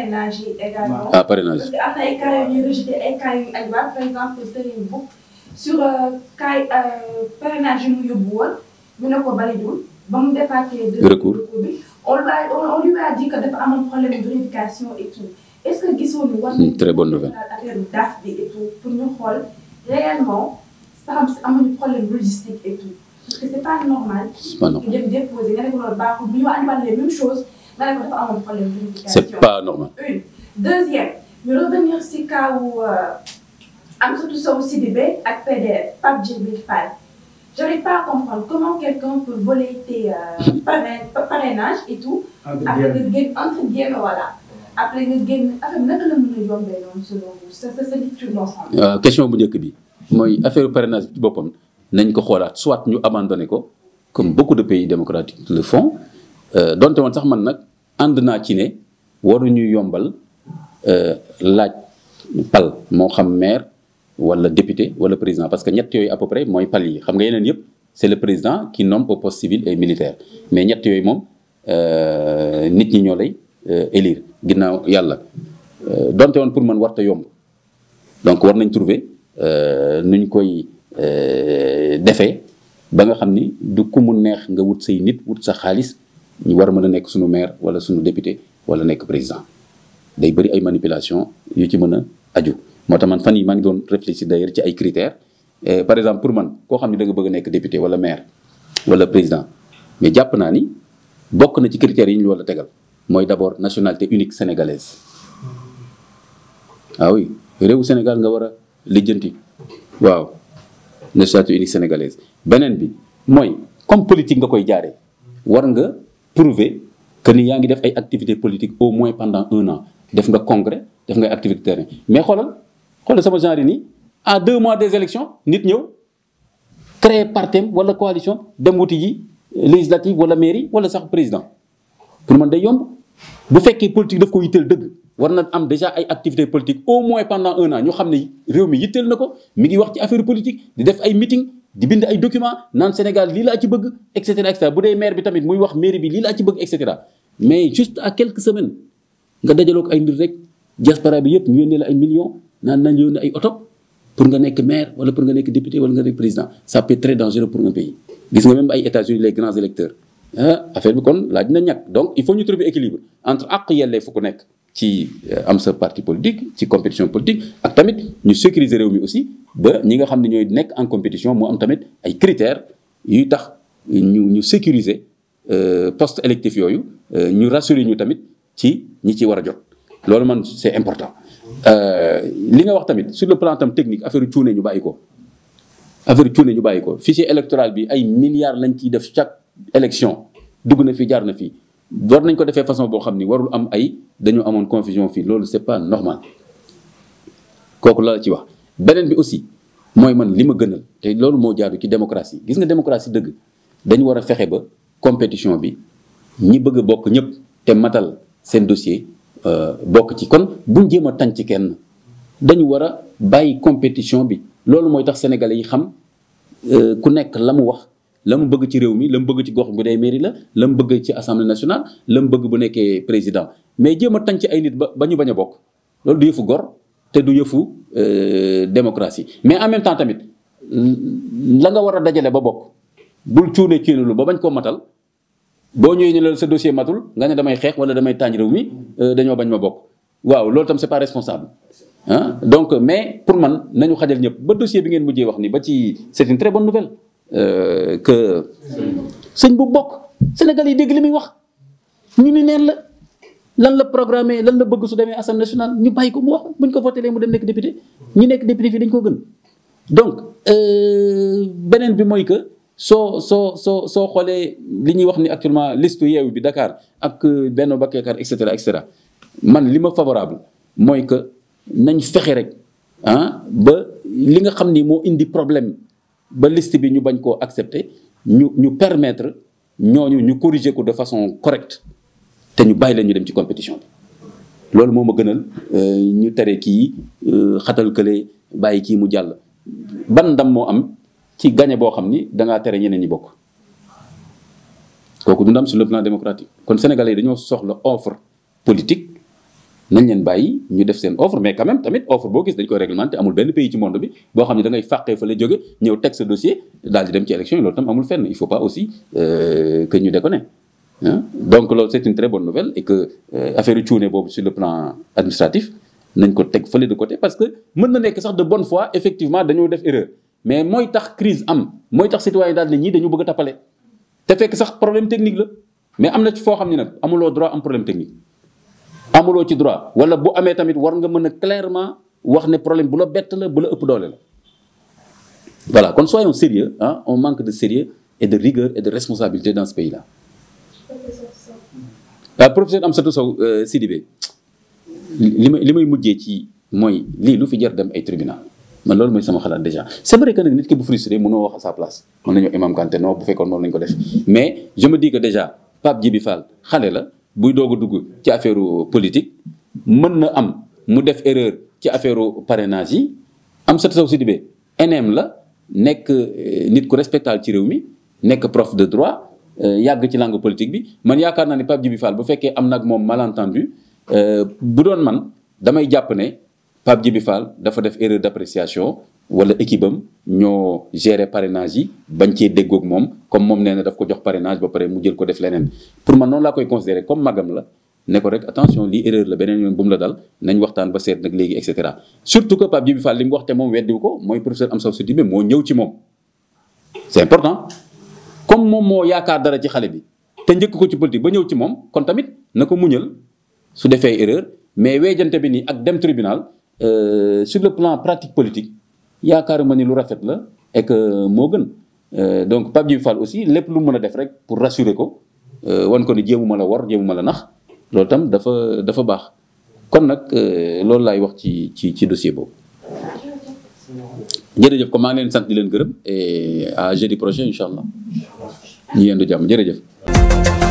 parrainage yi également. ah parrainage parce que am na ay cas mu ne ko validul ba mu defaatee. recours bi on lui a a dit que dafa amoon problème de vérification et tout est-ce que gisoon ni war hmm, nañu. très bonne nouvelle affaire daaf bi et tout pour ñu xool réellement sax amuñu problème logistique et tout parce que c'est pas normal. c'est pas normal ñu dem déposer les mêmes choses. dara dafa amoon problème d'unification. c'est pas normal. une deuxième ñu revenir si kaw euh, Amsatou Sow Sidibé ak PDS Pape Djibril Fall. j'arrive pas à comprendre comment quelqu'un peut voler tes euh, parrainages et tout. après nga génn entre guillemets voilà. après nga génn affaire bi naka la mën a yombee noonu selon vous c'est c'est lecture d'ensemble. Euh, question bu njëkk bi mooy affaire parrainage bi ci boppam nañ ko xoolaat soit ñu abandonné ko comme beaucoup de pays démocratiques le font donte woon sax man nag. ànd naa ci ne waruñu yombal euh, laaj pal moo xam maire wala député wala président parce que ñett yooyu à peu mooy pal yi xam nga yeneen yëpp c'est le président qui nomme au poste civil et militaire mais ñett yooyu moom euh, nit ñi ñoo lay euh, élire ginnaaw yàlla donte woon pour man warta yomb donc war nañ trouver nuñ koy defee ba nga xam ni du ku mu neex nga wut say nit wut sa xaalis ñu war a mën a nekk suñu maire wala suñu député wala nekk président day bëri ay manipulation yu ci mën a aju moo tax man fan yi maa ngi doon réfléchir d'ailleurs ci ay critères par exemple pour man koo xam ne da bëgg a nekk député wala maire wala président mais jàpp naa ni bokk na ci critères yi ñu war a tegal mooy d'abord nationalité unique sénégalaise ah oui réewu Sénégal nga war a lijjanti waaw nationalité unique sénégalaise beneen bi mooy comme politique nga koy jaaree war nga. prouver que ni yaa ngi def ay activité politique au moins pendant un an def nga congrès def nga activité terrain mais xoolal xoolal sama genre yi nii en deux mois des élections nit ñëw créer partem wala coalition dem wuti ji législative wala mairie wala sax président pour man day yomb bu fekkee politique daf ko yitteel dëgg war na am déjà ay activités politiques au moins pendant un an ñu xam ne réew mi yitteel na ko mi ngi wax ci affaire politique di def ay meeting di bind ay document naan Sénégal lii laa ci bëgg et cetera et bu dee maire bi tamit muy wax mairie bi lii laa ci bëgg et cetera mais juste à quelques semaines nga dajaloog ay mbir rek diaspora bi yëpp ñu yónnee la ay million naan nañ yónnee ay oto pour nga nekk maire wala pour nga nekk député wala nga nekk président ça peut être très dangereux pour un pays gis nga même ay États-Unis les grands électeurs ah bi kon laaj na ñàkk donc il faut ñu trouver équilibre entre àq yelleef fu ku nekk ci euh, am sa parti politique ci compétition politique ak tamit ñu sécuriser réew mi aussi ba ñi nga xam ne ñooy nekk en compétition mu am tamit ay critères yuy tax ñu ñu sécuriser euh, poste électif yooyu euh, ñu rassurer ñu tamit ci ñi ci war a jot loolu man c'est important li nga wax tamit sur le plan tam technique affaire cuune ñu bàyyi ko affaire cuune ñu bàyyi ko fichier électoral bi ay milliards lañ ciy def chaque élection dugg na fi jaar na fii war nañ ko defee façon boo xam ni warul am ay dañoo amoon confusion fii loolu c'est pas normal kooku la la ci wax beneen bi aussi mooy man li ma gënal te loolu moo jaadu ci démocratie gis nga démocratie dëgg dañu war a fexe ba compétition bi ñi bëgg a bokk ñëpp te matal seen dossier euh, bokk ci kon buñ jéem a tànc kenn dañu war a bàyyi compétition bi loolu mooy tax sénégalais yi xam euh, ku nekk la mu wax la mu bëgg ci réew mi la mu bëgg ci gox bu dee mairie la la mu bëgg ci assemblée nationale la mu bëgg bu nekkee président mais jéem a ci ay nit ba ba ñu bañ a bokk loolu du yëfu gor te du yëfu euh, démocratie mais en même temps tamit la nga war a dajale ba bokk bul cuune cuune lu ba bañ koo matal boo ñëwee ñu la sa dossier matul nga ne damay xeex wala damay tànj réew mi euh, dañoo bañ ma bokk waaw loolu tam c'est pas responsable donc mais pour man nañu xajal ñëpp ba dossier bi ngeen mujjee wax ni ba ci Euh, que sëñ bu bokk Sénégal yi dégg li muy wax ñu ni neen la lan la programmé lan la bëgg su demee assemblée nationale ñu bàyyi ko mu wax buñ ko voté mu dem nekk député ñu nekk député fii dañ ko gën donc euh, beneen bi mooy que soo soo soo soo xoolee li ñuy wax ni actuellement liste yeewu bi dakaar ak euh, benn Bokk Yaakaar et et cetera man li ma favorable mooy que nañ fexe rek ah ba li nga xam ni moo indi problème ba liste bi ñu bañ koo accepter ñu ñu permettre ñooñu ñu corriger ko de façon correcte te ñu bàyyi leen ñu dem ci compétition bi loolu moom ma gënal euh, ñu tere kii euh, xatal kële bàyyi kii mu jàll ban ndam moo am ci gañe boo xam ni da tere ñeneen ñi bokk kooku du ndam sur le plan démocratique kon sénégal yi dañoo soxla offre politique nañ leen bàyyi ñu def seen offre mais quand tamit offre boo gis dañ koy réglementé amul benn pays ci monde bi boo xam ne da ngay fàqee fa la jóge ñëw teg sa dossier daal dem ci élection yi loolu tam amul fenn il faut pas aussi euh, que ñu déconne donc loolu une euh, boobu sur le plan administratif nañ ko teg fële de côté parce que mën na nekk sax de bonne fois effectivement dañoo def erreur mais mooy tax crise am mooy tax citoyen daal ne ñii dañu bëgg a tappale te fekk sax problème technique la mais am na ci foo xam ne nag amuloo droit am problème technique amuloo ci droit wala bu amee tamit war nga mën a clairement wax ne problème bu la bett la bu la ëpp doole la voilà kon soyons sérieux ah on manque de sérieux et de rigueur et de responsabilité dans ce pays là waaw professeur Amsatou Sow euh, Sidibé li may li may mujjee ci mooy lii lu fi jar dem ay tribunal man loolu mooy sama xalaat déjà c'est vrai que nag nit ki bu frustré mënoo wax à sa place mën nañoo imam Kanté non bu fekkoon noonu lañ ko def mais je me dis que déjà la buy doog a dugg ci affaire politique mën na am mu def erreur ci affaire parrainage yi Amsatou Sow Sidibé eneem la nekk euh, nit ku respectable ci réew mi nekk prof de droit euh, yàgg ci langue politique bi man yaakaar naa ni Pape Djibi Fall bu fekkee am nag moom malentendu euh, bu doon man damay jàpp ne Pape Djibi Fall dafa def erreur d'appréciation wala équipe am ñoo gérer parrainage yi bañ cee déggoog moom comme moom nee na daf ko jox parrainage ba pare mu jël ko def leneen pour man noonu laa koy considérer comme magam la ne ko rek attention lii erreur la beneen yoon bu la dal nañ waxtaan ba seet nag léegi et cetera surtout que Pape Djibi Fall li mu wax te moom weddiwu ko moo ñëw ci moom c'est important comme moom moo yaakaar dara ci xale bi te njëkk ko ci politique ba ñëw ci moom kon tamit na ko muñal su defee erreur mais wejante bi nii ak dem tribunal euh, sur le plan pratique politique yaakaar ma ni lu rafet la et que moo gën euh, donc Pape Djibril Fall aussi lépp lu mën a def rek pour rassurer ko euh, wan ko ni jéemuma la wor jéemuma la nax loolu tam dafa dafa baax kon nag euh, loolu laay wax ci ci ci dossier boobu. jërëjëf ko maa ngi leen sant di leen gërëm et à projet prochain incha allah ñu yendu jàmm jërëjëf.